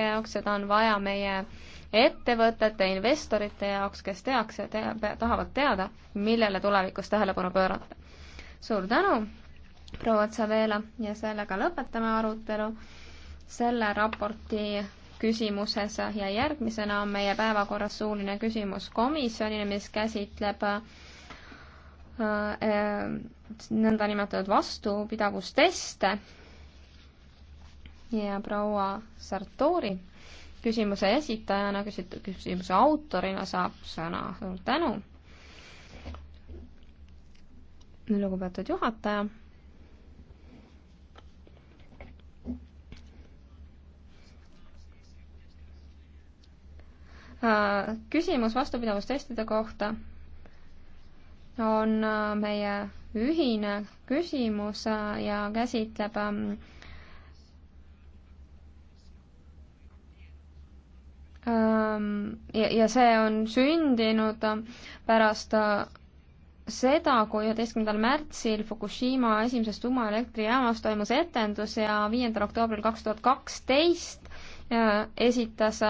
jaoks, seda on vaja meie ettevõtete, investorite jaoks, kes tehakse te,, tahavad teada, millele tulevikus tähelepanu pöörata. suur tänu, proua Otsa-Veela ja sellega lõpetame arutelu selle raporti küsimuses ja järgmisena on meie päevakorras suuline küsimus komisjonile, mis käsitleb äh, äh, nõndanimetatud vastupidavusteste ja proua Sartori küsimuse esitajana, küsimuse autorina saab sõna. suur tänu, lugupeetud juhataja. Äh, küsimus vastupidavustestide kohta on äh, meie ühine küsimus äh, ja käsitleb ähm, ja, ja see on sündinud pärast seda, kui üheteistkümnendal märtsil Fukushima esimesest tuumaelektrijaamas toimus etendus ja viiendal oktoobril kaks tuhat kaksteist esitas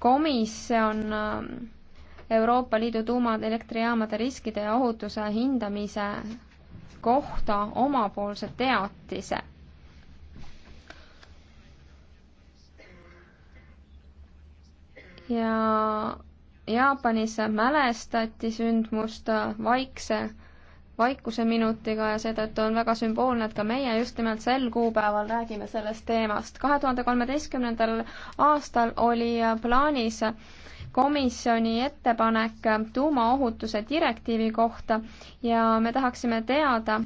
komisjon Euroopa Liidu tuumaelektrijaamade riskide ja ohutuse hindamise kohta omapoolse teatise ja Jaapanis mälestati sündmust vaikse, vaikuse minutiga ja seetõttu on väga sümboolne, et ka meie just nimelt sel kuupäeval räägime sellest teemast. kahe tuhande kolmeteistkümnendal aastal oli plaanis komisjoni ettepanek tuumaohutuse direktiivi kohta ja me tahaksime teada,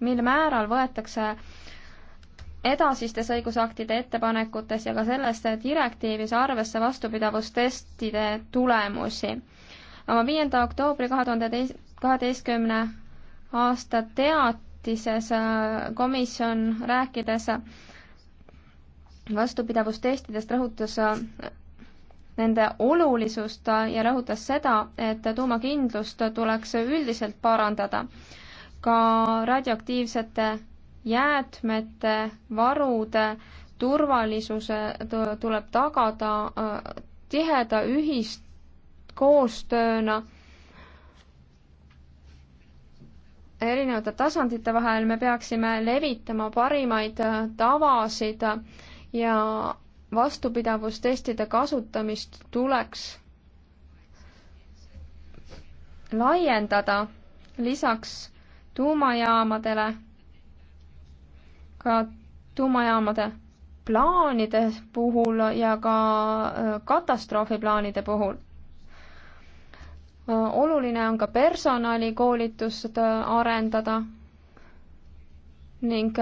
mil määral võetakse edasistes õigusaktide ettepanekutes ja ka selles direktiivis arvesse vastupidavustestide tulemusi. oma viienda oktoobri kahe tuhande kaheteistkümne aasta teatises äh, komisjon rääkides vastupidavustestidest rõhutas äh, nende olulisust ja rõhutas seda, et tuumakindlust tuleks üldiselt parandada. ka radioaktiivsete jäätmete, varude turvalisuse tuleb tagada äh, tiheda ühiskoostööna erinevate tasandite vahel, me peaksime levitama parimaid äh, tavasid ja vastupidavustestide kasutamist tuleks laiendada lisaks tuumajaamadele ka tuumajaamade plaanide puhul ja ka äh, katastroofiplaanide puhul. Äh, oluline on ka personalikoolitust äh, arendada ning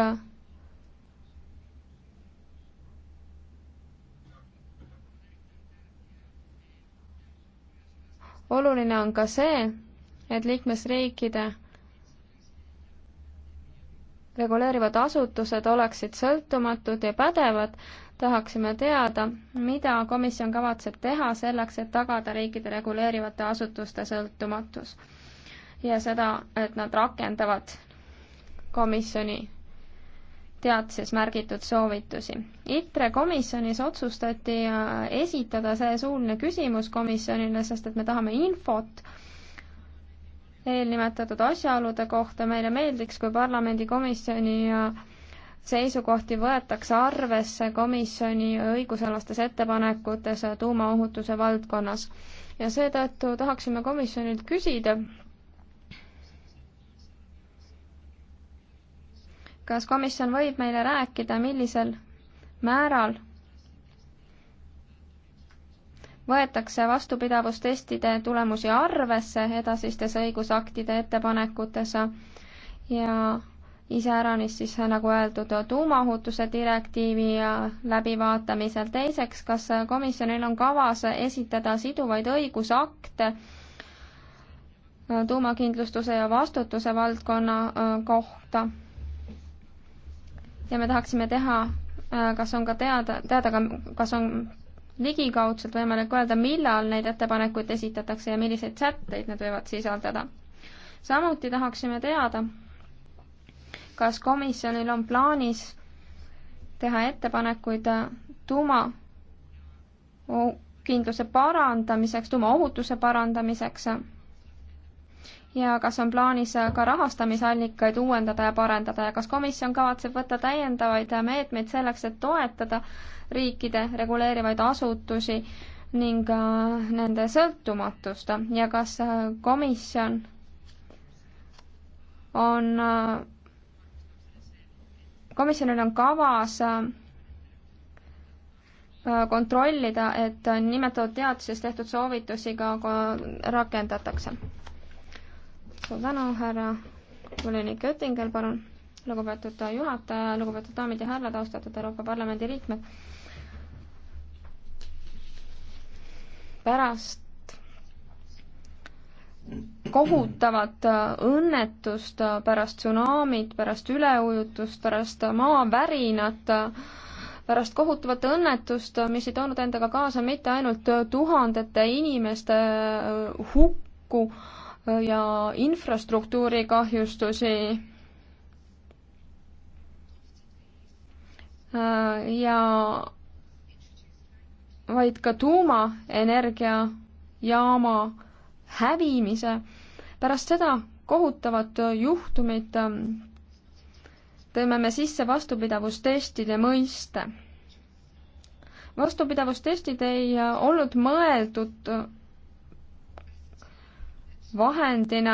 oluline on ka see, et liikmesriikide reguleerivad asutused oleksid sõltumatud ja pädevad, tahaksime teada, mida komisjon kavatseb teha selleks, et tagada riikide reguleerivate asutuste sõltumatus ja seda, et nad rakendavad komisjoni teadses märgitud soovitusi. ITRE komisjonis otsustati äh, esitada see suuline küsimus komisjonile, sest et me tahame infot eelnimetatud asjaolude kohta. meile meeldiks, kui parlamendikomisjoni seisukohti võetakse arvesse komisjoni õigusalastes ettepanekutes tuumaohutuse valdkonnas. ja seetõttu tahaksime komisjonilt küsida, kas komisjon võib meile rääkida, millisel määral võetakse vastupidavustestide tulemusi arvesse edasistes õigusaktide ettepanekutes ja iseäranis siis nagu öeldud, tuumaohutuse direktiivi läbivaatamisel. teiseks, kas komisjonil on kavas esitada siduvaid õigusakte tuumakindlustuse ja vastutuse valdkonna äh, kohta? ja me tahaksime teha, äh, kas on ka teada, teada ka, kas on ligikaudselt võimalik öelda, millal neid ettepanekuid esitatakse ja milliseid sätteid need võivad sisaldada. samuti tahaksime teada, kas komisjonil on plaanis teha ettepanekuid tuuma kindluse parandamiseks, tuumaohutuse parandamiseks ja kas on plaanis ka rahastamisallikaid uuendada ja parendada ja kas komisjon kavatseb võtta täiendavaid meetmeid selleks, et toetada riikide reguleerivaid asutusi ning äh, nende sõltumatust ja kas äh, komisjon on, äh, komisjonil on kavas kontrollida, et nimetatud teaduses tehtud soovitusi ka rakendatakse suur tänu, härra volinik Oettinger, palun. lugupeetud juhataja, lugupeetud daamid ja härrad, austatud Euroopa Parlamendi liikmed. pärast kohutavat õnnetust, pärast tsunamit, pärast üleujutust, pärast maavärinat, pärast kohutavat õnnetust, mis ei toonud endaga kaasa mitte ainult tuhandete inimeste hukku, ja infrastruktuuri kahjustusi. Äh, ja vaid ka tuumaenergiajaama hävimise. pärast seda kohutavat juhtumit äh, tõime me sisse vastupidavustestide mõiste vastupidavustestid ei olnud mõeldud vahendina,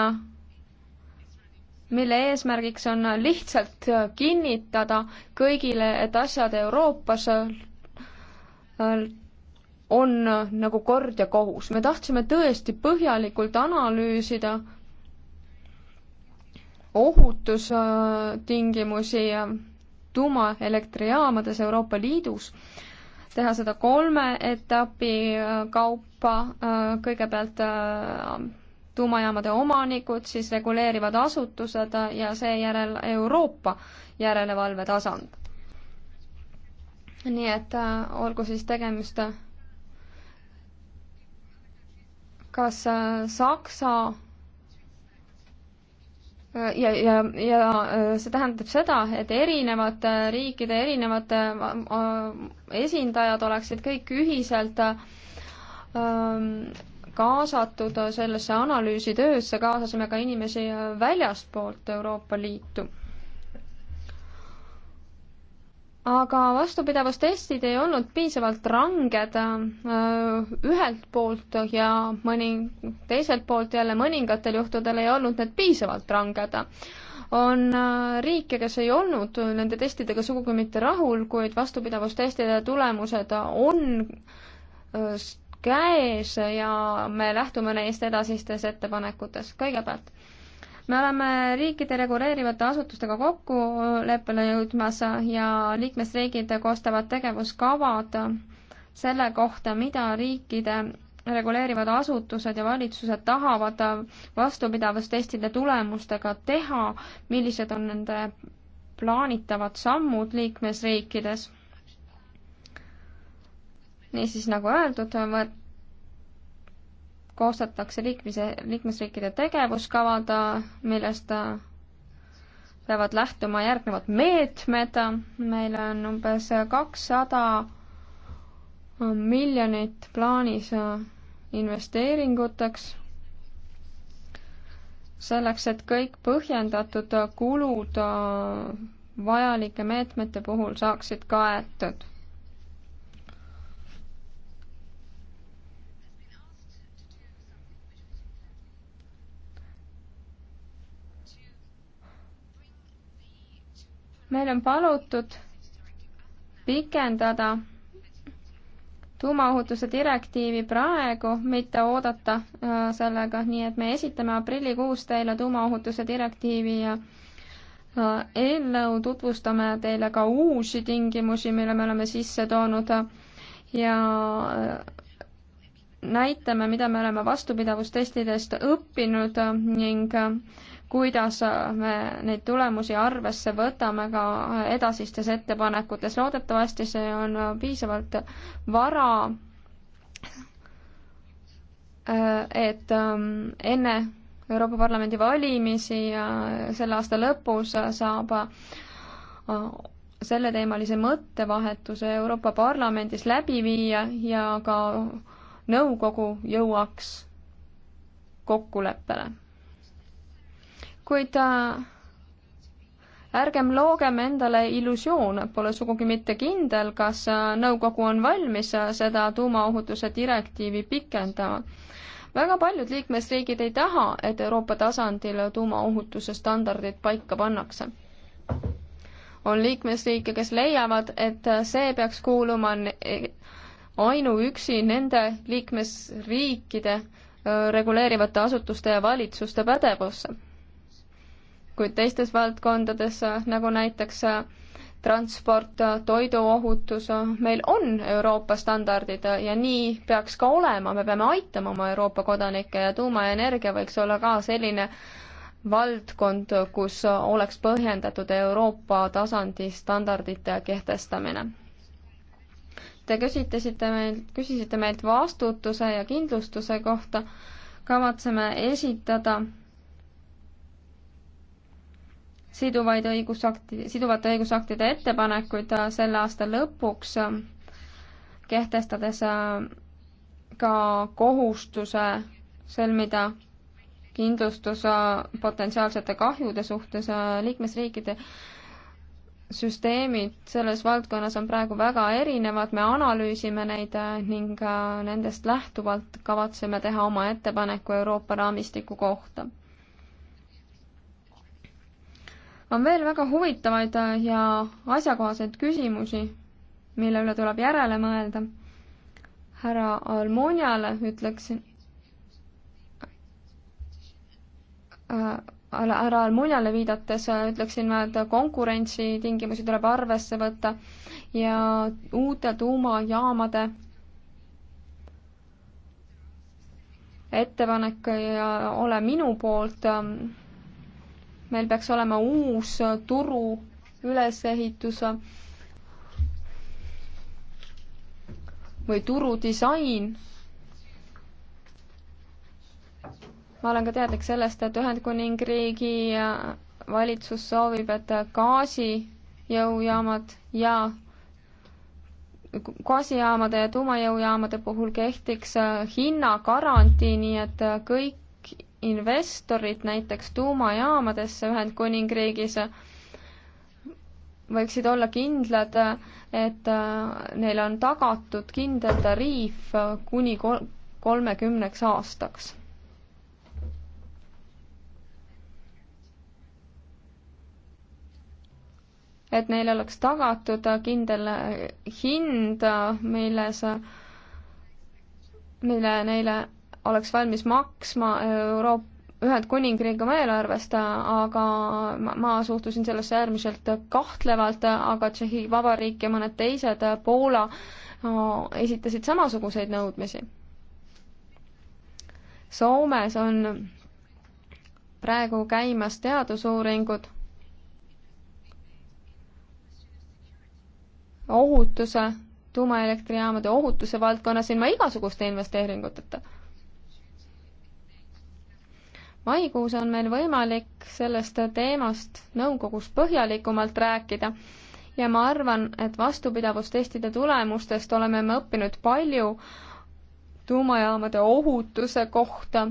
mille eesmärgiks on lihtsalt kinnitada kõigile, et asjad Euroopas äh, on nagu kord ja kohus. me tahtsime tõesti põhjalikult analüüsida ohutustingimusi tuumaelektrijaamades Euroopa Liidus, teha seda kolme etapi kaupa, äh, kõigepealt äh, tuumajaamade omanikud, siis reguleerivad asutused ja seejärel Euroopa järelevalve tasand. nii et äh, olgu siis tegemist äh, kas äh, Saksa äh, ja, ja, ja äh, see tähendab seda, et erinevate riikide erinevate esindajad oleksid kõik ühiselt ähm, kaasatud sellesse analüüsitöösse, kaasasime ka inimesi väljastpoolt Euroopa Liitu. aga vastupidavustestid ei olnud piisavalt ranged äh, ühelt poolt ja mõni, teiselt poolt jälle mõningatel juhtudel ei olnud need piisavalt ranged on äh, riike, kes ei olnud nende testidega sugugi mitte rahul, kuid vastupidavustestide tulemused on äh, käes ja me lähtume neist edasistes ettepanekutes. kõigepealt, me oleme riikide reguleerivate asutustega kokkuleppele jõudmas ja liikmesriigid koostavad tegevuskavad selle kohta, mida riikide reguleerivad asutused ja valitsused tahavad vastupidavustestide tulemustega teha, millised on nende plaanitavad sammud liikmesriikides niisiis, nagu öeldud, koostatakse liikmise, liikmesriikide tegevuskavad, millest peavad lähtuma järgnevad meetmed, meil on umbes kakssada miljonit plaanis investeeringuteks, selleks, et kõik põhjendatud kulud vajalike meetmete puhul saaksid kaetud meil on palutud pikendada tuumaohutuse direktiivi praegu, mitte oodata äh, sellega, nii et me esitame aprillikuus teile tuumaohutuse direktiivi ja äh, eelnõu, tutvustame teile ka uusi tingimusi, mille me oleme sisse toonud ja äh, näitame, mida me oleme vastupidavustestidest õppinud ning kuidas me neid tulemusi arvesse võtame ka edasistes ettepanekutes. loodetavasti see on piisavalt vara, et ähm, enne Euroopa Parlamendi valimisi selle aasta lõpus saab äh, selleteemalise mõttevahetuse Euroopa Parlamendis läbi viia ja ka nõukogu jõuaks kokkuleppele kuid äh, ärgem loogem endale illusioone, pole sugugi mitte kindel, kas äh, nõukogu on valmis äh, seda tuumaohutuse direktiivi pikendama. väga paljud liikmesriigid ei taha, et Euroopa tasandil tuumaohutuse standardid paika pannakse. on liikmesriike, kes leiavad, et see peaks kuuluma e, ainuüksi nende liikmesriikide reguleerivate asutuste ja valitsuste pädevusse kuid teistes valdkondades, nagu näiteks äh, transport, äh, toiduohutus, äh, meil on Euroopa standardid ja nii peaks ka olema, me peame aitama oma Euroopa kodanikke ja tuumaenergia võiks olla ka selline valdkond, kus oleks põhjendatud Euroopa tasandi standardite kehtestamine. Te küsitasite meilt, küsisite meilt vastutuse ja kindlustuse kohta, kavatseme esitada siduvaid õigusakti, siduvate õigusaktide ettepanekuid äh, selle aasta lõpuks, äh, kehtestades äh, ka kohustuse sõlmida kindlustus potentsiaalsete kahjude suhtes liikmesriikide süsteemid selles valdkonnas on praegu väga erinevad, me analüüsime neid ning nendest lähtuvalt kavatseme teha oma ettepaneku Euroopa raamistiku kohta on veel väga huvitavaid äh, ja asjakohaseid küsimusi, mille üle tuleb järele mõelda. härra Almoniale ütleksin äh, äh härra Almuniale viidates äh, ütleksin ma, et konkurentsitingimusi tuleb arvesse võtta ja uute tuumajaamade ettepanek ei ole minu poolt ähm, meil peaks olema uus turu ülesehitus või turudisain. ma olen ka teadlik sellest, et Ühendkuningriigi valitsus soovib, et gaasijõujaamad ja gaasijaamade ja tuumajõujaamade puhul kehtiks hinnagarantii, nii et kõik investorid näiteks tuumajaamadesse Ühendkuningriigis võiksid olla kindlad, et äh, neile on tagatud kindel tariif kuni kolmekümneks aastaks. et neile oleks tagatud kindel hind, milles, mille neile oleks valmis maksma Euroopa Ühendkuningriigi oma eelarvest, aga ma, ma suhtusin sellesse äärmiselt kahtlevalt, aga Tšehhi Vabariik ja mõned teised, Poola no, esitasid samasuguseid nõudmisi. Soomes on praegu käimas teadusuuringud ohutuse, tuumaelektrijaamade ohutuse valdkonnas ilma igasuguste investeeringuteta maikuus on meil võimalik sellest teemast nõukogus põhjalikumalt rääkida ja ma arvan, et vastupidavustestide tulemustest oleme me õppinud palju tuumajaamade ohutuse kohta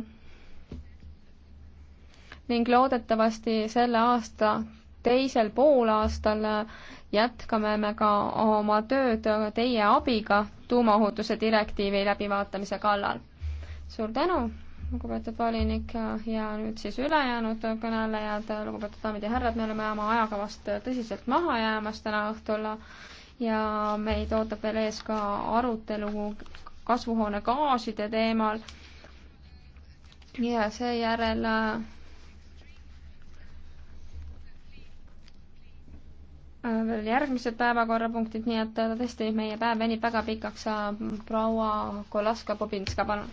ning loodetavasti selle aasta teisel poolaastal jätkame me ka oma tööd teie abiga tuumaohutuse direktiivi läbivaatamise kallal. suur tänu lugupeetud volinik ja nüüd siis ülejäänud kõnelejad, lugupeetud daamid ja härrad, me oleme oma ajakavast tõsiselt maha jäämas täna õhtul ja meid ootab veel ees ka arutelu kasvuhoonegaaside teemal. ja seejärel äh, veel järgmised päevakorrapunktid, nii et äh, tõesti, meie päev venib väga pikaks. Äh, proua Kolaska-Bobinska, palun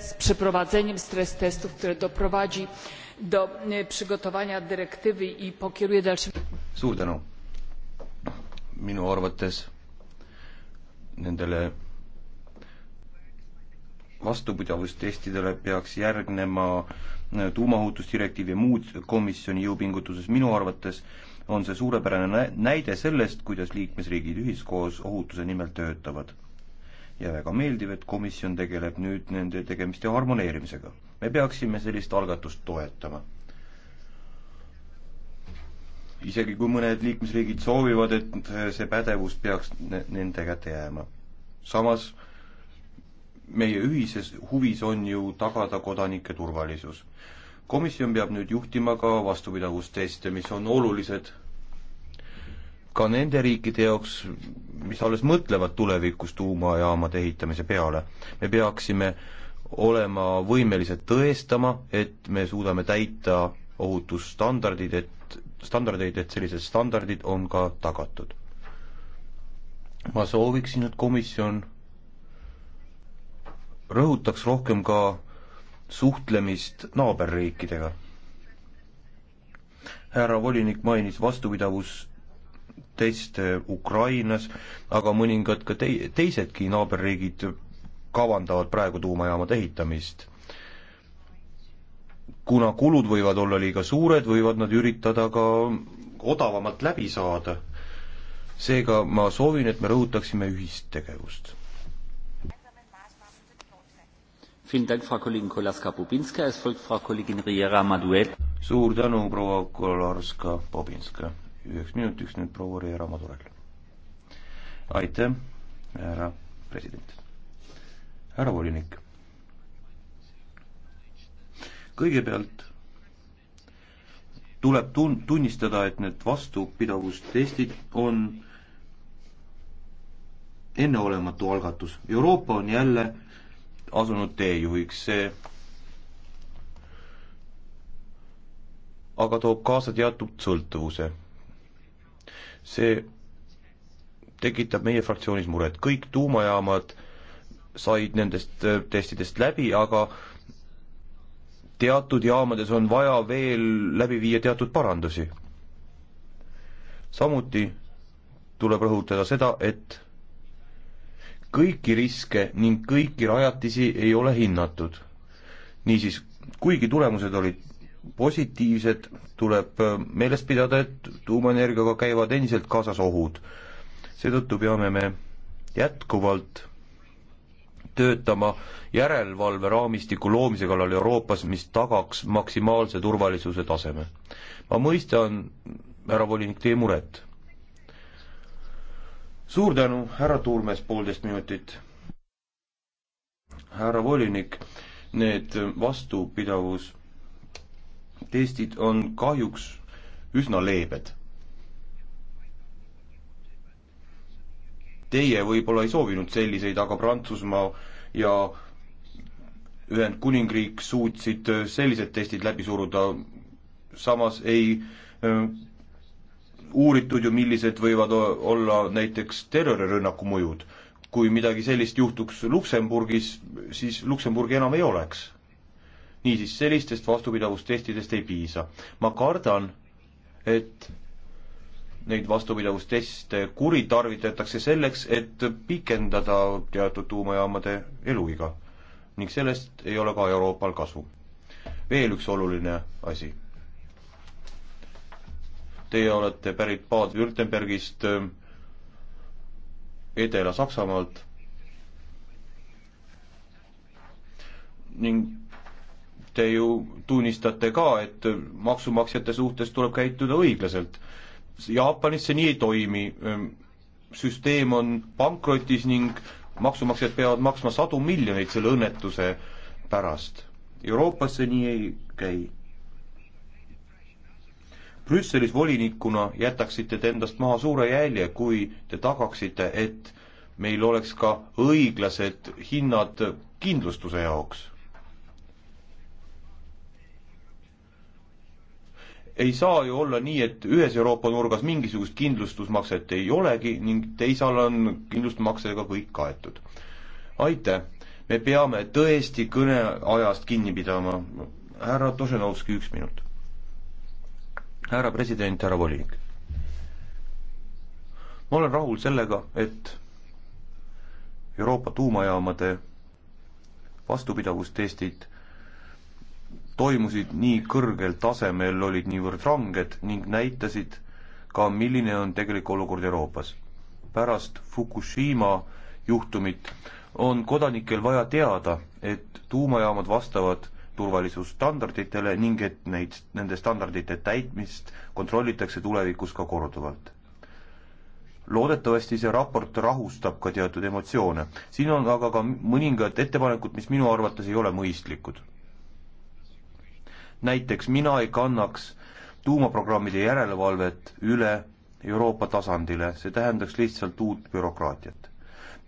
z przeprowadzeniem stres testów, które doprowadzi do przygotowania dyrektywy i pokieruje dalszymi... Suur tänu. Minu arvates nendele vastupidavustestidele peaks järgnema tuumaohutusdirektiiv ja muud komisjoni jõupingutuses. minu arvates on see suurepärane näide sellest, kuidas liikmesriigid ühiskoos ohutuse nimel töötavad ja väga meeldiv, et komisjon tegeleb nüüd nende tegemiste harmoneerimisega. me peaksime sellist algatust toetama. isegi kui mõned liikmesriigid soovivad, et see pädevus peaks nende kätte jääma. samas meie ühises huvis on ju tagada kodanike turvalisus. komisjon peab nüüd juhtima ka vastupidavusteste, mis on olulised ka nende riikide jaoks, mis alles mõtlevad tulevikus tuumajaamade ehitamise peale. me peaksime olema võimelised tõestama, et me suudame täita ohutusstandardid, et standardeid, et sellised standardid on ka tagatud. ma sooviksin, et komisjon rõhutaks rohkem ka suhtlemist naaberriikidega. härra volinik mainis vastupidavus proteste eh, Ukrainas, aga mõningad ka tei-, teisedki naaberriigid kavandavad praegu tuumajaamade ehitamist. kuna kulud võivad olla liiga suured, võivad nad üritada ka odavamalt läbi saada. seega ma soovin, et me rõhutaksime ühist tegevust. suur tänu, proua Kolarska-Bobinska! üheks minutiks nüüd proua Reera Madurel. aitäh, härra president. härra volinik. kõigepealt tuleb tun-, tunnistada, et need vastupidavustestid on enneolematu algatus. Euroopa on jälle asunud teejuhiks, see aga toob kaasa teatud sõltuvuse see tekitab meie fraktsioonis muret, kõik tuumajaamad said nendest äh, testidest läbi, aga teatud jaamades on vaja veel läbi viia teatud parandusi. samuti tuleb rõhutada seda, et kõiki riske ning kõiki rajatisi ei ole hinnatud. niisiis, kuigi tulemused olid positiivset, tuleb äh, meeles pidada, et tuumaenergiaga käivad endiselt kaasas ohud. seetõttu peame me jätkuvalt töötama järelevalveraamistiku loomise kallal Euroopas, mis tagaks maksimaalse turvalisuse taseme. ma mõistan, härra volinik, teie muret. suur tänu, härra Turmes, poolteist minutit. härra volinik, need vastupidavus testid on kahjuks üsna leebed. Teie võib-olla ei soovinud selliseid, aga Prantsusmaa ja Ühendkuningriik suutsid äh, sellised testid läbi suruda, samas ei äh, uuritud ju, millised võivad olla näiteks terrorirünnaku mõjud. kui midagi sellist juhtuks Luksemburgis, siis Luksemburgi enam ei oleks niisiis, sellistest vastupidavustestidest ei piisa. ma kardan, et neid vastupidavusteste kuritarvitatakse selleks, et pikendada teatud tuumajaamade eluiga ning sellest ei ole ka Euroopal kasu. veel üks oluline asi. Teie olete pärit Baad-Württembergist, ähm, Edela-Saksamaalt ning te ju tunnistate ka, et maksumaksjate suhtes tuleb käituda õiglaselt. Jaapanis see nii ei toimi, ehm, süsteem on pankrotis ning maksumaksjad peavad maksma sadu miljoneid selle õnnetuse pärast. Euroopas see nii ei käi. Brüsselis volinikuna jätaksite te endast maha suure jälje, kui te tagaksite, et meil oleks ka õiglased hinnad kindlustuse jaoks ei saa ju olla nii, et ühes Euroopa nurgas mingisugust kindlustusmakset ei olegi ning teisal on kindlustusmaksega kõik kaetud. aitäh, me peame tõesti kõneajast kinni pidama. härra Tošenovski, üks minut. härra president, härra volinik. ma olen rahul sellega, et Euroopa tuumajaamade vastupidavustestid toimusid nii kõrgel tasemel, olid niivõrd ranged ning näitasid ka, milline on tegelik olukord Euroopas. pärast Fukushima juhtumit on kodanikel vaja teada, et tuumajaamad vastavad turvalisusstandarditele ning et neid, nende standardite täitmist kontrollitakse tulevikus ka korduvalt. loodetavasti see raport rahustab ka teatud emotsioone. siin on aga ka mõningad ettepanekud, mis minu arvates ei ole mõistlikud näiteks mina ei kannaks tuumaprogrammide järelevalvet üle Euroopa tasandile, see tähendaks lihtsalt uut bürokraatiat.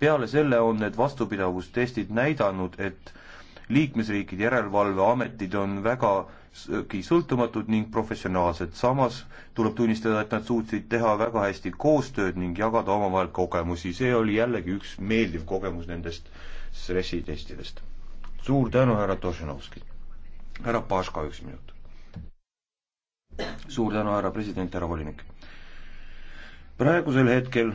peale selle on need vastupidavustestid näidanud, et liikmesriikide järelevalveametid on vägagi sõltumatud ning professionaalsed, samas tuleb tunnistada, et nad suutsid teha väga hästi koostööd ning jagada omavahel kogemusi, see oli jällegi üks meeldiv kogemus nendest stressitestidest. suur tänu, härra Tošenovski! härra Paška, üks minut. suur tänu, härra president, härra volinik. praegusel hetkel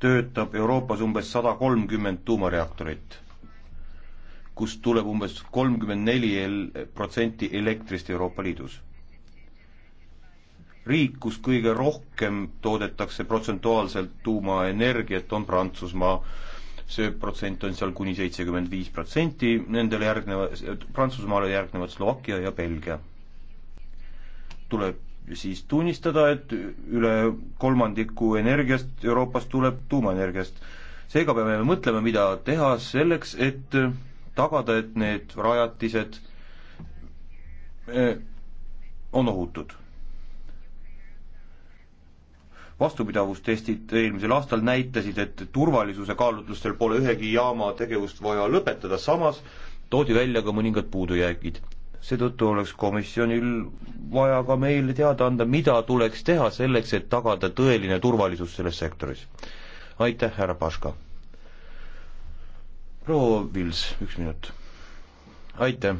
töötab Euroopas umbes sada kolmkümmend tuumareaktorit, kust tuleb umbes kolmkümmend neli protsenti elektrist Euroopa Liidus. riik, kus kõige rohkem toodetakse protsentuaalselt tuumaenergiat, on Prantsusmaa see protsent on seal kuni seitsekümmend viis protsenti, nendele järgnevad, Prantsusmaale järgnevad Slovakkia ja Belgia. tuleb siis tunnistada, et üle kolmandiku energiast Euroopas tuleb tuumaenergiast. seega peame mõtlema, mida teha selleks, et tagada, et need rajatised eh, on ohutud vastupidavustestid eelmisel aastal näitasid, et turvalisuse kaalutlustel pole ühegi jaama tegevust vaja lõpetada, samas toodi välja ka mõningad puudujäägid. seetõttu oleks komisjonil vaja ka meile teada anda, mida tuleks teha selleks, et tagada tõeline turvalisus selles sektoris. aitäh, härra Paška. proua Vils, üks minut. aitäh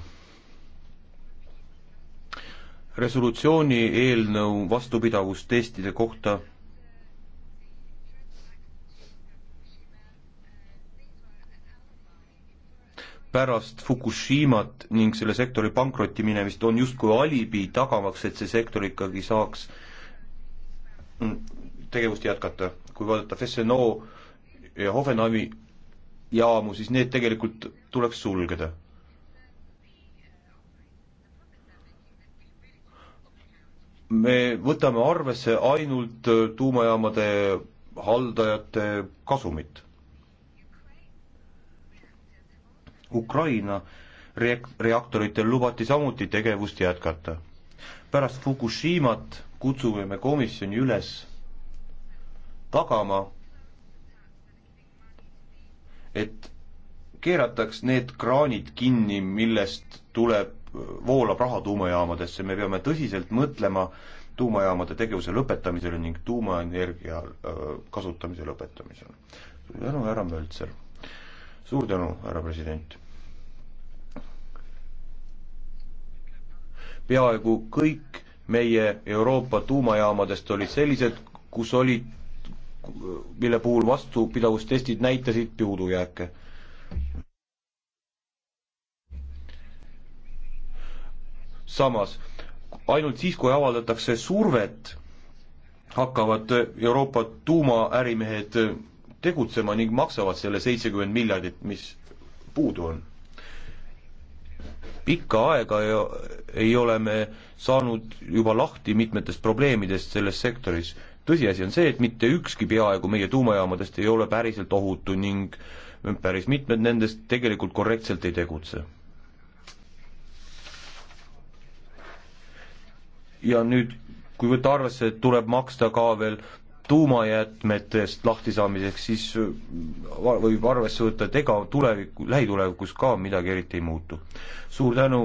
resolutsiooni eelnõu vastupidavustestide kohta pärast Fukushimat ning selle sektori pankrotti minemist on justkui alibi tagamaks, et see sektor ikkagi saaks mm, tegevust jätkata. kui vaadata Fessenau ja Hoffenheimi jaamu, siis need tegelikult tuleks sulgeda. me võtame arvesse ainult tuumajaamade haldajate kasumit Ukraina reak-, reaktoritel lubati samuti tegevust jätkata. pärast Fukushimat kutsume me komisjoni üles tagama, et keerataks need kraanid kinni, millest tuleb, voolab raha tuumajaamadesse, me peame tõsiselt mõtlema tuumajaamade tegevuse lõpetamisele ning tuumaenergia äh, kasutamise lõpetamisele. suur tänu, härra Möltser suur tänu, härra president. peaaegu kõik meie Euroopa tuumajaamadest olid sellised, kus olid, mille puhul vastupidavustestid näitasid puudujääke. samas, ainult siis, kui avaldatakse survet, hakkavad Euroopa tuumaärimehed tegutsema ning maksavad selle seitsekümmend miljardit, mis puudu on. pikka aega ei, ei ole me saanud juba lahti mitmetest probleemidest selles sektoris. tõsiasi on see, et mitte ükski peaaegu meie tuumajaamadest ei ole päriselt ohutu ning päris mitmed nendest tegelikult korrektselt ei tegutse ja nüüd, kui võtta arvesse, et tuleb maksta ka veel tuumajäätmetest lahtisaamiseks, siis äh, võib arvesse võtta, et ega tuleviku, lähitulevikus ka midagi eriti ei muutu. suur tänu,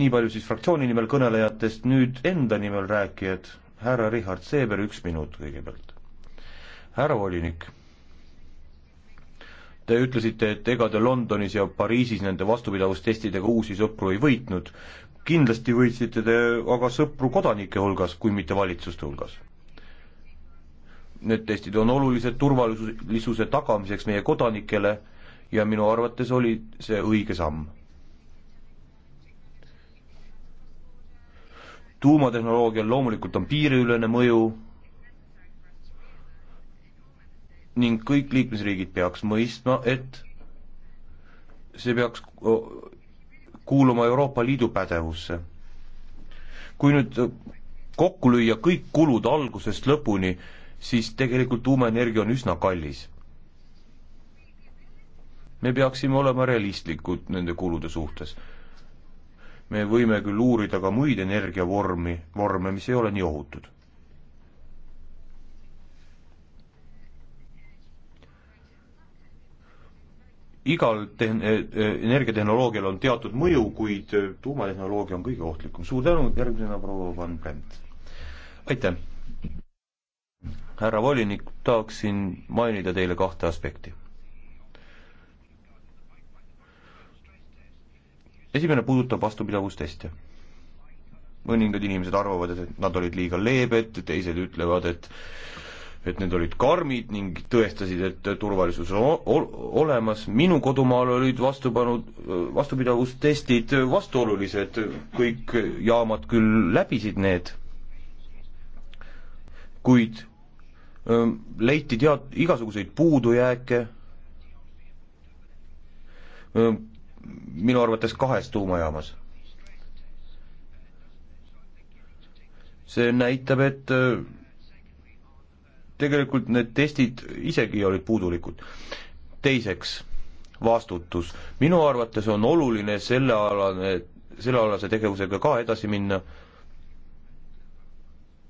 nii palju siis fraktsiooni nimel kõnelejatest, nüüd enda nimel rääkijad, härra Richard Seeber, üks minut kõigepealt. härra volinik, te ütlesite, et ega te Londonis ja Pariisis nende vastupidavustestidega uusi sõpru ei võitnud, kindlasti võitsite te aga sõpru kodanike hulgas, kui mitte valitsuste hulgas need testid on olulised turvalisuse tagamiseks meie kodanikele ja minu arvates oli see õige samm. tuumatehnoloogial loomulikult on piiriülene mõju ning kõik liikmesriigid peaks mõistma, et see peaks kuuluma Euroopa Liidu pädevusse. kui nüüd kokku lüüa kõik kulud algusest lõpuni, siis tegelikult tuumaenergia on üsna kallis. me peaksime olema realistlikud nende kulude suhtes. me võime küll uurida ka muid energiavormi, vorme, mis ei ole nii ohutud. igal tehn-, e-, e-, energiatehnoloogial on teatud mõju, kuid tuumatehnoloogia on kõige ohtlikum. suur tänu, järgmisena proua Van Brent. aitäh! härra volinik, tahaksin mainida teile kahte aspekti. esimene puudutab vastupidavusteste. mõningad inimesed arvavad, et nad olid liiga leebed, teised ütlevad, et et need olid karmid ning tõestasid, et turvalisus on ol olemas, minu kodumaal olid vastupanu, vastupidavustestid vastuolulised, kõik jaamad küll läbisid need, kuid leiti tead-, igasuguseid puudujääke, minu arvates kahes tuumajaamas. see näitab, et tegelikult need testid isegi olid puudulikud. teiseks, vastutus. minu arvates on oluline sellealane, sellealase tegevusega ka edasi minna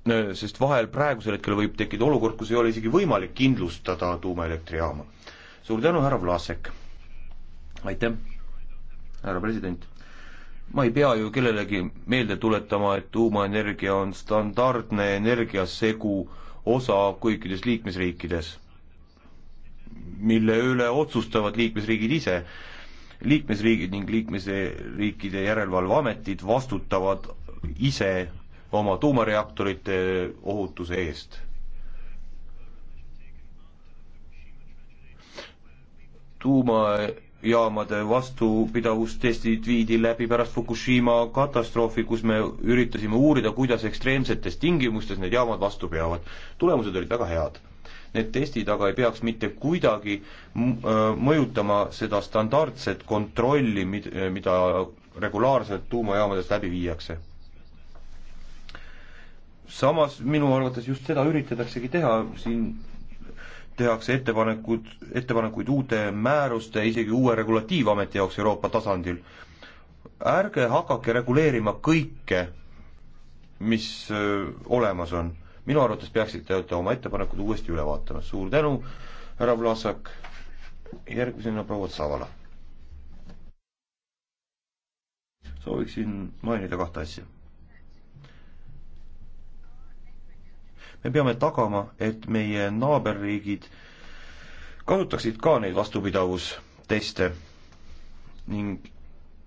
Äh, sest vahel praegusel hetkel võib tekkida olukord, kus ei ole isegi võimalik kindlustada tuumaelektrijaama. suur tänu, härra Vlasek! aitäh, härra president! ma ei pea ju kellelegi meelde tuletama, et tuumaenergia on standardne energiasegu osa kõikides liikmesriikides, mille üle otsustavad liikmesriigid ise. liikmesriigid ning liikmesriikide järelevalveametid vastutavad ise oma tuumareaktorite ohutuse eest. tuumajaamade vastupidavustestid viidi läbi pärast Fukushima katastroofi, kus me üritasime uurida, kuidas ekstreemsetes tingimustes need jaamad vastu peavad. tulemused olid väga head need testid aga ei peaks mitte kuidagi äh, mõjutama seda standardset kontrolli, mida regulaarselt tuumajaamades läbi viiakse samas minu arvates just seda üritataksegi teha, siin tehakse ettepanekud, ettepanekuid uute määruste, isegi uue regulatiivameti jaoks Euroopa tasandil. ärge hakake reguleerima kõike, mis öö, olemas on. minu arvates peaksite te oma ettepanekud uuesti üle vaatama. suur tänu, härra Vlasak. järgmisena proua Savala. sooviksin mainida kahte asja me peame tagama, et meie naaberriigid kasutaksid ka neid vastupidavusteste ning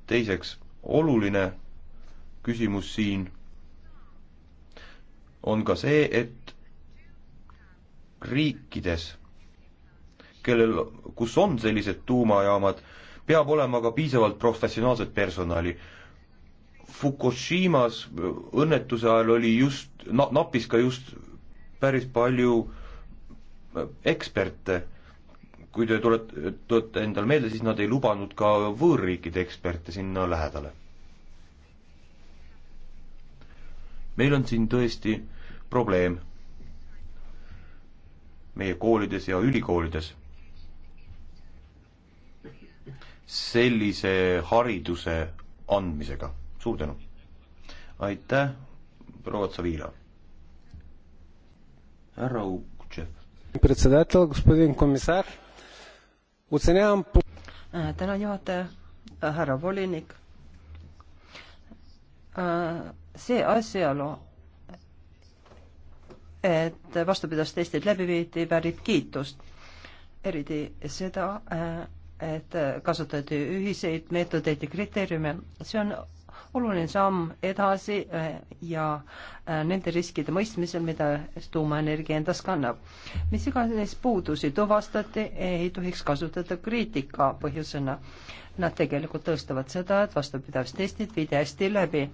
teiseks, oluline küsimus siin on ka see, et riikides, kellel, kus on sellised tuumajaamad, peab olema ka piisavalt professionaalset personali. Fukushimas õnnetuse ajal oli just na,, nappis ka just päris palju äh, eksperte. kui te tulete, tulete endale meelde, siis nad ei lubanud ka võõrriikide eksperte sinna lähedale. meil on siin tõesti probleem meie koolides ja ülikoolides. sellise hariduse andmisega, suur tänu. aitäh, proua Tsaviila Раукчев. Председател, господин комисар, оценявам... Tänan juhataja, härra volinik. See asjaolu, et vastupidastestid läbi viidi, väärib kiitust. eriti seda, äh, et kasutati ühiseid meetodeid ja kriteeriume, see on oluline samm edasi äh, ja äh, nende riskide mõistmisel, mida tuumaenergia endas kannab. mis iganes puudusi tuvastati, ei tohiks kasutada kriitika põhjusena. Nad tegelikult tõestavad seda, et vastupidavstestid viidi hästi läbi.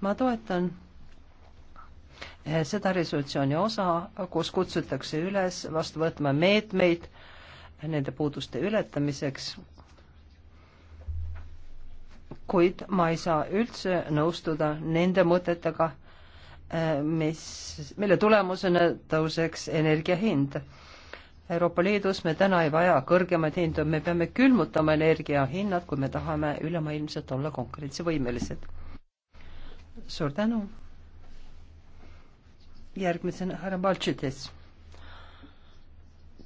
ma toetan äh, seda resolutsiooni osa, kus kutsutakse üles vastu võtma meetmeid nende puuduste ületamiseks kuid ma ei saa üldse nõustuda nende mõtetega, äh, mis, mille tulemusena tõuseks energia hind. Euroopa Liidus me täna ei vaja kõrgemaid hindu, me peame külmutama energiahinnad, kui me tahame ülemaailmselt olla konkurentsivõimelised. suur tänu. järgmisena härra Baltšitis.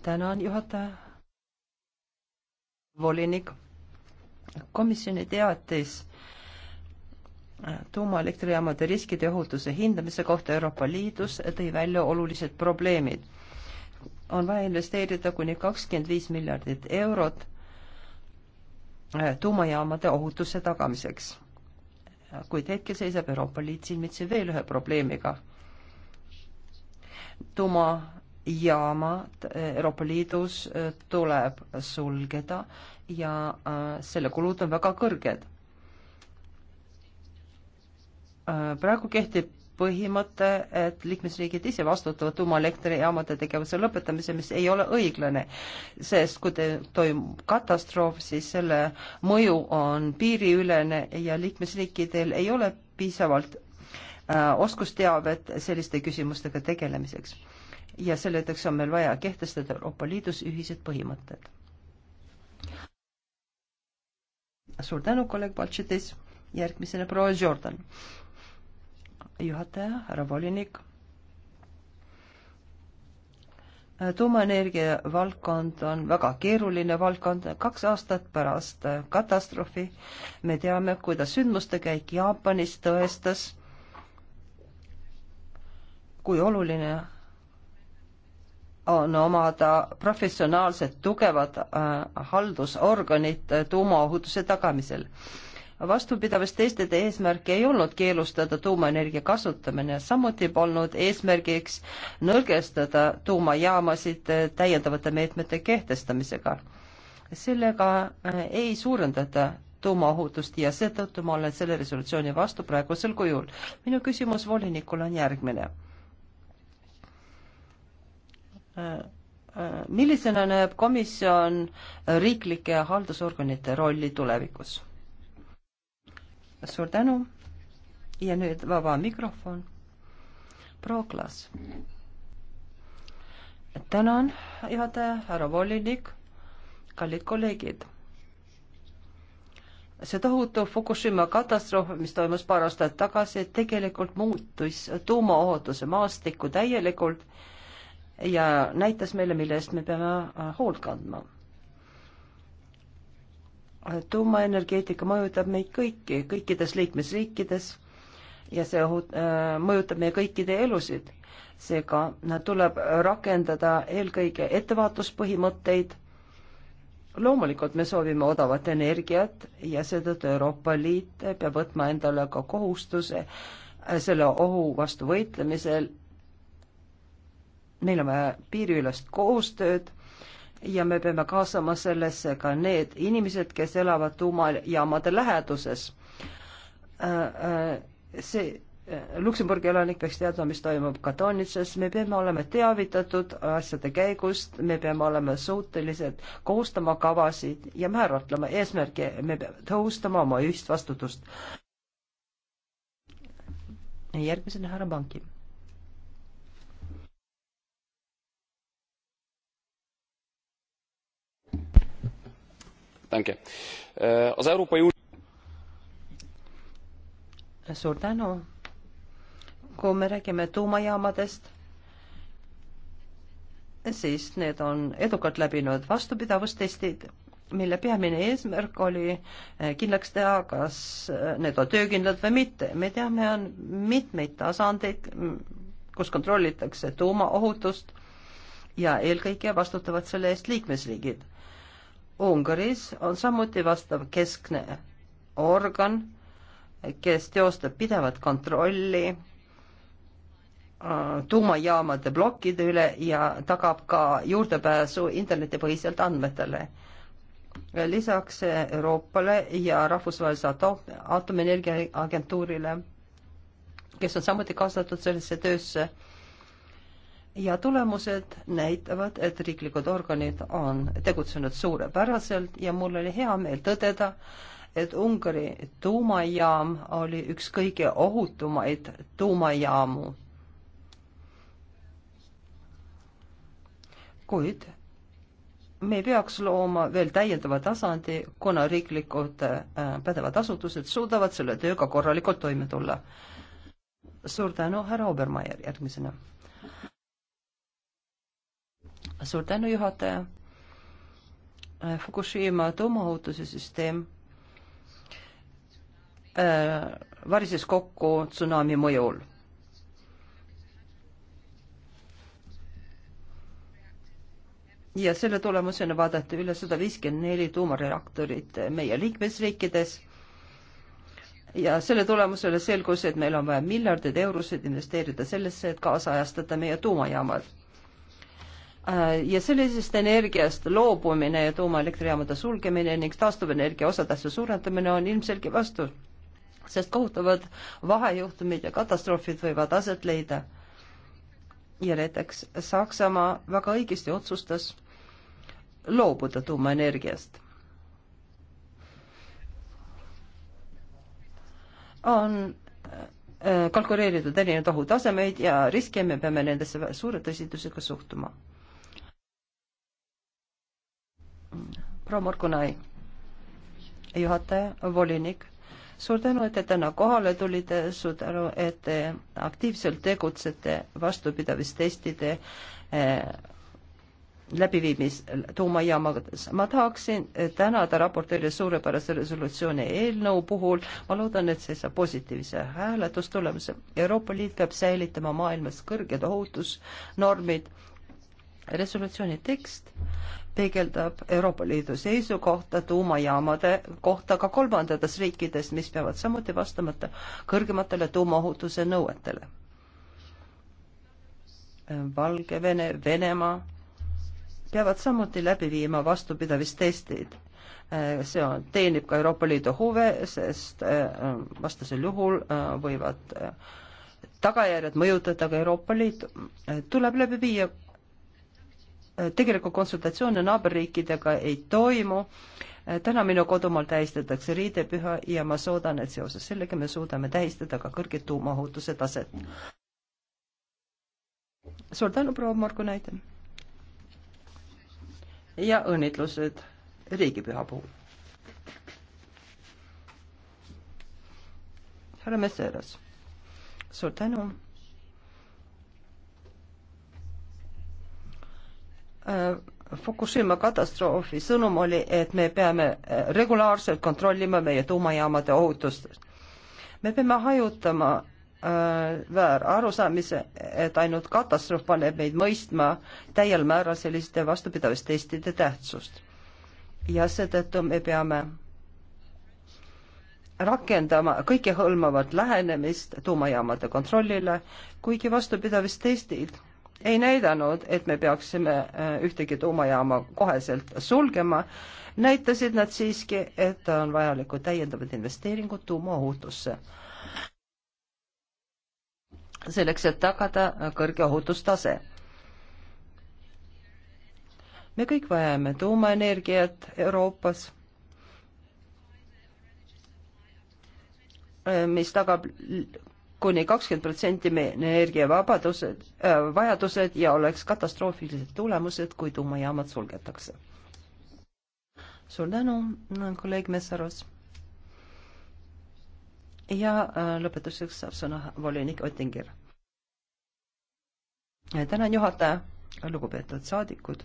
tänan, juhataja. volinik komisjoni teatis äh, tuumaelektrijaamade riskide ohutuse hindamise kohta Euroopa Liidus tõi välja olulised probleemid. on vaja investeerida kuni kakskümmend viis miljardit eurot äh, tuumajaamade ohutuse tagamiseks. kuid hetkel seisab Euroopa Liit silmitsi veel ühe probleemiga. tuumajaamad äh, Euroopa Liidus tuleb sulgeda ja äh, selle kulud on väga kõrged. Äh, praegu kehtib põhimõte, et liikmesriigid ise vastutavad tuumaelektrijaamade tegevuse lõpetamise, mis ei ole õiglane, sest kui toimub katastroof, siis selle mõju on piiriülene ja liikmesriikidel ei ole piisavalt äh, oskusteavet selliste küsimustega tegelemiseks. ja selleteks on meil vaja kehtestada Euroopa Liidus ühised põhimõtted suur tänu, kolleeg Baltšitis, järgmisena proua Jordan. juhataja, härra volinik. tuumaenergia valdkond on väga keeruline valdkond, kaks aastat pärast katastroofi me teame, kuidas sündmuste käik Jaapanis tõestas, kui oluline on omada professionaalset tugevat äh, haldusorganit äh, tuumaohutuse tagamisel. vastupidavus teistede eesmärki ei olnud keelustada tuumaenergia kasutamine, samuti polnud eesmärgiks nõrgestada tuumajaamasid äh, täiendavate meetmete kehtestamisega. sellega ei suurendata tuumaohutust ja seetõttu ma olen selle resolutsiooni vastu praegusel kujul. minu küsimus volinikule on järgmine Äh, äh, millisena näeb komisjon riiklike haldusorganite rolli tulevikus? suur tänu ja nüüd vaba mikrofon. proua Klaas. tänan, juhataja, härra volinik, kallid kolleegid. see tohutu Fukushima katastroof, mis toimus paar aastat tagasi, tegelikult muutus tuumaohutuse maastikku täielikult ja näitas meile, mille eest me peame äh, hoolt kandma. tuumaenergeetika mõjutab meid kõiki, kõikides liikmesriikides ja see ohut- äh,, mõjutab meie kõikide elusid. seega äh, tuleb rakendada eelkõige ettevaatuspõhimõtteid, loomulikult me soovime odavat energiat ja seetõttu Euroopa Liit peab võtma endale ka kohustuse äh, selle ohu vastu võitlemisel meil on vaja piiriülest koostööd ja me peame kaasama sellesse ka need inimesed, kes elavad tuumajaamade läheduses. Äh, äh, see äh, Luksemburgi elanik peaks teadma, mis toimub Katonitses, me peame olema teavitatud asjade käigust, me peame olema suutelised koostama kavasid ja määratlema eesmärke, me peame tõhustama oma ühist vastutust. järgmisena härra Pankin az Euroopa Liidu suur tänu. kui me räägime tuumajaamadest, siis need on edukalt läbinud vastupidavustestid, mille peamine eesmärk oli äh, kindlaks teha, kas äh, need on töökindlad või mitte. me teame, on mitmeid tasandeid, kus kontrollitakse tuumaohutust ja eelkõige vastutavad selle eest liikmesriigid Ungaris on samuti vastav keskne organ, kes teostab pidevat kontrolli äh, tuumajaamade blokkide üle ja tagab ka juurdepääsu internetipõhiselt andmetele. lisaks Euroopale ja Rahvusvahelise Atom-, Aatomienergia Agentuurile, kes on samuti kaasatud sellesse töösse ja tulemused näitavad, et riiklikud organid on tegutsenud suurepäraselt ja mul oli hea meel tõdeda, et Ungari tuumajaam oli üks kõige ohutumaid tuumajaamu. kuid me ei peaks looma veel täiendava tasandi, kuna riiklikud äh, pädevad asutused suudavad selle tööga korralikult toime tulla. suur tänu, härra Obermeier, järgmisena suur tänu, juhataja. Äh, Fukushima tuumaohutuse süsteem äh, varises kokku tsunami mõjul ja selle tulemusena vaadati üle sada viiskümmend neli tuumareaktorit meie liikmesriikides ja selle tulemusele selgus, et meil on vaja miljardeid eurosid investeerida sellesse, et kaasajastada meie tuumajaamad. Äh, ja sellisest energiast loobumine ja tuumaelektrijaamade sulgemine ning taastuvenergia osatähtsuse suurendamine on ilmselge vastus, sest kohutavad vahejuhtumid ja katastroofid võivad aset leida. ja näiteks Saksamaa väga õigesti otsustas loobuda tuumaenergiast. on äh, kalkuleeritud erinevaid ohutasemeid ja riske me peame nendesse suure tõsidusega suhtuma proua Morgunai, juhataja, volinik, suur tänu, et te täna kohale tulite, suur tänu, et te aktiivselt tegutsete vastupidavustestide eh, läbiviimis tuumajaamades. ma tahaksin tänada raportööri suurepärase resolutsiooni eelnõu puhul. ma loodan, et see saab positiivse hääletustulemuse. Euroopa Liit peab säilitama maailmas kõrged ohutusnormid. resolutsiooni tekst peegeldab Euroopa Liidu seisukohta tuumajaamade kohta ka kolmandates riikides, mis peavad samuti vastamata kõrgematele tuumaohutuse nõuetele. Valgevene, Venemaa peavad samuti läbi viima vastupidavistestid. see on, teenib ka Euroopa Liidu huve, sest äh, vastasel juhul äh, võivad äh, tagajärjed mõjutada ka Euroopa Liitu. tuleb läbi viia tegelikult konsultatsioone naaberriikidega ei toimu. täna minu kodumaal tähistatakse riidepüha ja ma soodan, et seoses sellega me suudame tähistada ka kõrget tuumaohutuse taset. suur tänu, proua Margo Näide. ja õnnitlused riigipüha puhul. härra Messeras, suur tänu Äh, Fukushima katastroofi sõnum oli, et me peame äh, regulaarselt kontrollima meie tuumajaamade ohutust. me peame hajutama äh, väärarusaamise, et ainult katastroof paneb meid mõistma täiel määral selliste vastupidavustestide tähtsust. ja seetõttu me peame rakendama kõikehõlmavat lähenemist tuumajaamade kontrollile, kuigi vastupidavustestid ei näidanud, et me peaksime äh, ühtegi tuumajaama koheselt sulgema, näitasid nad siiski, et on vajalikud täiendavad investeeringud tuumaohutusse. selleks, et tagada kõrge ohutustase. me kõik vajame tuumaenergiat Euroopas äh, mis tagab kuni kakskümmend protsenti meie energiavabadused äh,, vajadused ja oleks katastroofilised tulemused, kui tuumajaamad sulgetakse. suur tänu, kolleeg Messaros. ja äh, lõpetuseks saab sõna volinik Ottinger. tänan, juhataja, lugupeetud saadikud.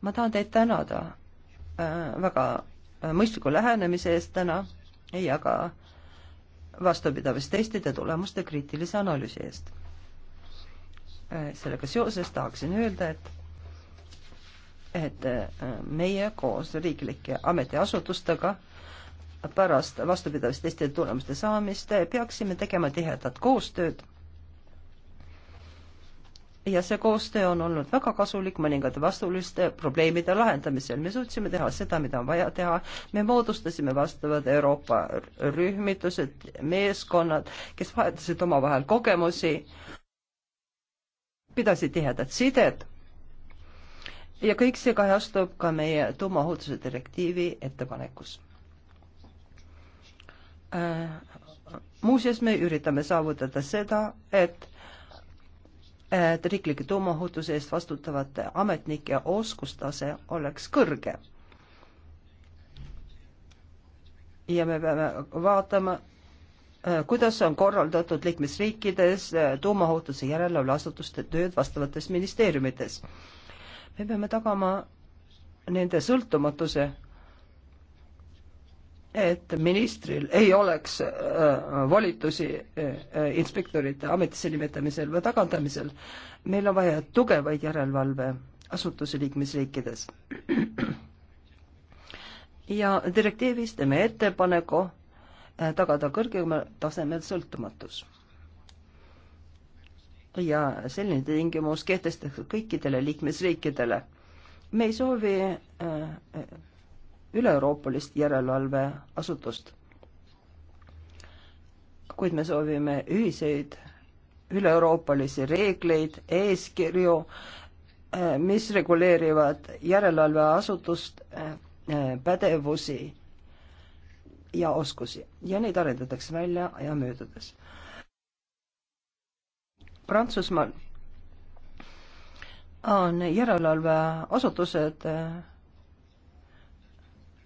ma tahan teid tänada äh, väga äh, mõistliku lähenemise eest täna ja ka äh, vastupidavustestide tulemuste kriitilise analüüsi eest. sellega seoses tahaksin öelda, et et äh, meie koos riiklike ametiasutustega pärast vastupidavustestide tulemuste saamist peaksime tegema tihedat koostööd ja see koostöö on olnud väga kasulik mõningate vastuoliste probleemide lahendamisel. me suutsime teha seda, mida on vaja teha, me moodustasime vastavad Euroopa rühmitused, meeskonnad, kes vahetasid omavahel kogemusi, pidasid tihedat sidet ja kõik see kajastub ka meie tuumaohutuse direktiivi ettepanekus äh,. muuseas, me üritame saavutada seda, et riiklike tuumaohutuse eest vastutavate ametnike oskustase oleks kõrge. ja me peame vaatama, äh, kuidas on korraldatud liikmesriikides äh, tuumaohutuse järelevalveasutuste tööd vastavates ministeeriumites. me peame tagama nende sõltumatuse et ministril ei oleks äh, volitusi äh, äh, inspektorite ametisse nimetamisel või tagandamisel. meil on vaja tugevaid järelevalveasutusi liikmesriikides. ja direktiivis teeme ettepaneku tagada kõrgemal tasemel sõltumatus. ja selline tingimus kehtestatakse kõikidele liikmesriikidele. me ei soovi äh, üle-euroopalist järelevalveasutust. kuid me soovime ühiseid üle-euroopalisi reegleid, eeskirju, eh, mis reguleerivad järelevalveasutust, eh, eh, pädevusi ja oskusi ja neid arendatakse välja aja möödudes. Prantsusmaal on järelevalveasutused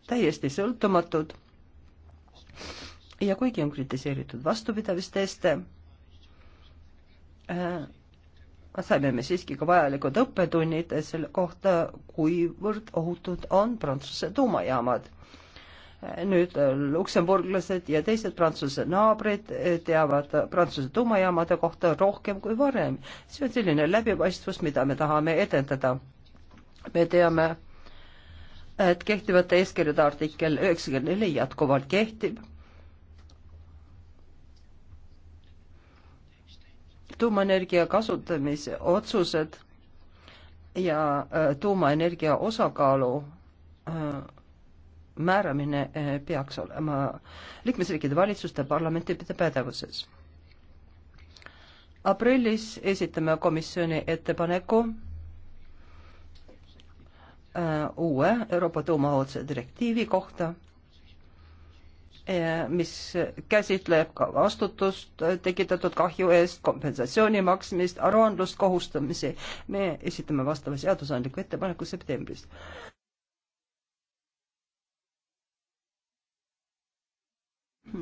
täiesti sõltumatud ja kuigi on kritiseeritud vastupidavusteste, äh, saime me siiski ka vajalikud õppetunnid selle kohta, kuivõrd ohutud on Prantsuse tuumajaamad. Äh, nüüd äh, luksemburglased ja teised Prantsuse naabrid teavad Prantsuse tuumajaamade kohta rohkem kui varem. see on selline läbipaistvus, mida me tahame edendada. me teame et kehtivate eeskirjade artikkel üheksakümmend neli jätkuvalt kehtib. tuumaenergia kasutamise otsused ja äh, tuumaenergia osakaalu äh, määramine äh, peaks olema liikmesriikide valitsuste parlamentide pädevuses. aprillis esitame komisjoni ettepaneku Äh, uue Euroopa tuumaohutuse direktiivi kohta, äh, mis käsitleb ka vastutust tekitatud kahju eest, kompensatsiooni maksmist, aruandlust, kohustamisi. me esitame vastava seadusandliku ettepaneku septembris.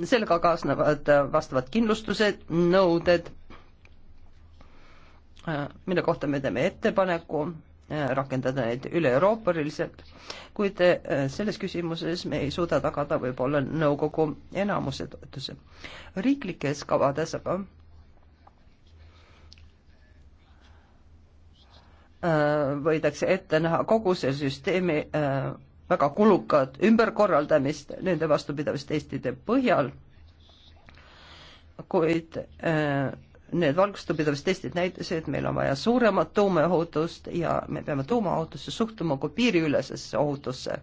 sellega kaasnevad vastavad kindlustused, nõuded, äh, mille kohta me teeme ettepaneku rakendada neid üle-euroopaliselt, kuid äh, selles küsimuses me ei suuda tagada võib-olla nõukogu enamuse toetuse. riiklikes kavades aga äh, võidakse ette näha kogu see süsteemi äh, väga kulukat ümberkorraldamist nende vastupidavustestide põhjal, kuid Need valgustupidavustestid näitasid, et meil on vaja suuremat tuumaohutust ja me peame tuumaohutusse suhtuma kui piiriülesesse ohutusse.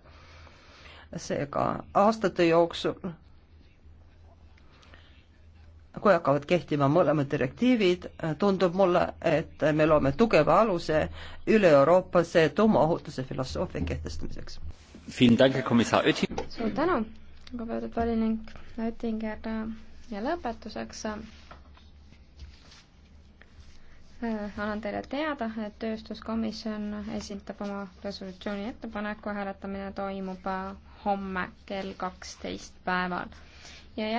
seega aastate jooksul, kui hakkavad kehtima mõlemad direktiivid, tundub mulle, et me loome tugeva aluse üle-Euroopase tuumaohutuse filosoofia kehtestamiseks. suur tänu, lugupeetud volinik Oettinger ja lõpetuseks Äh, annan teile teada, et tööstuskomisjon esitab oma resolutsiooni ettepaneku, hääletamine toimub äh, homme kell kaksteist päeval ja.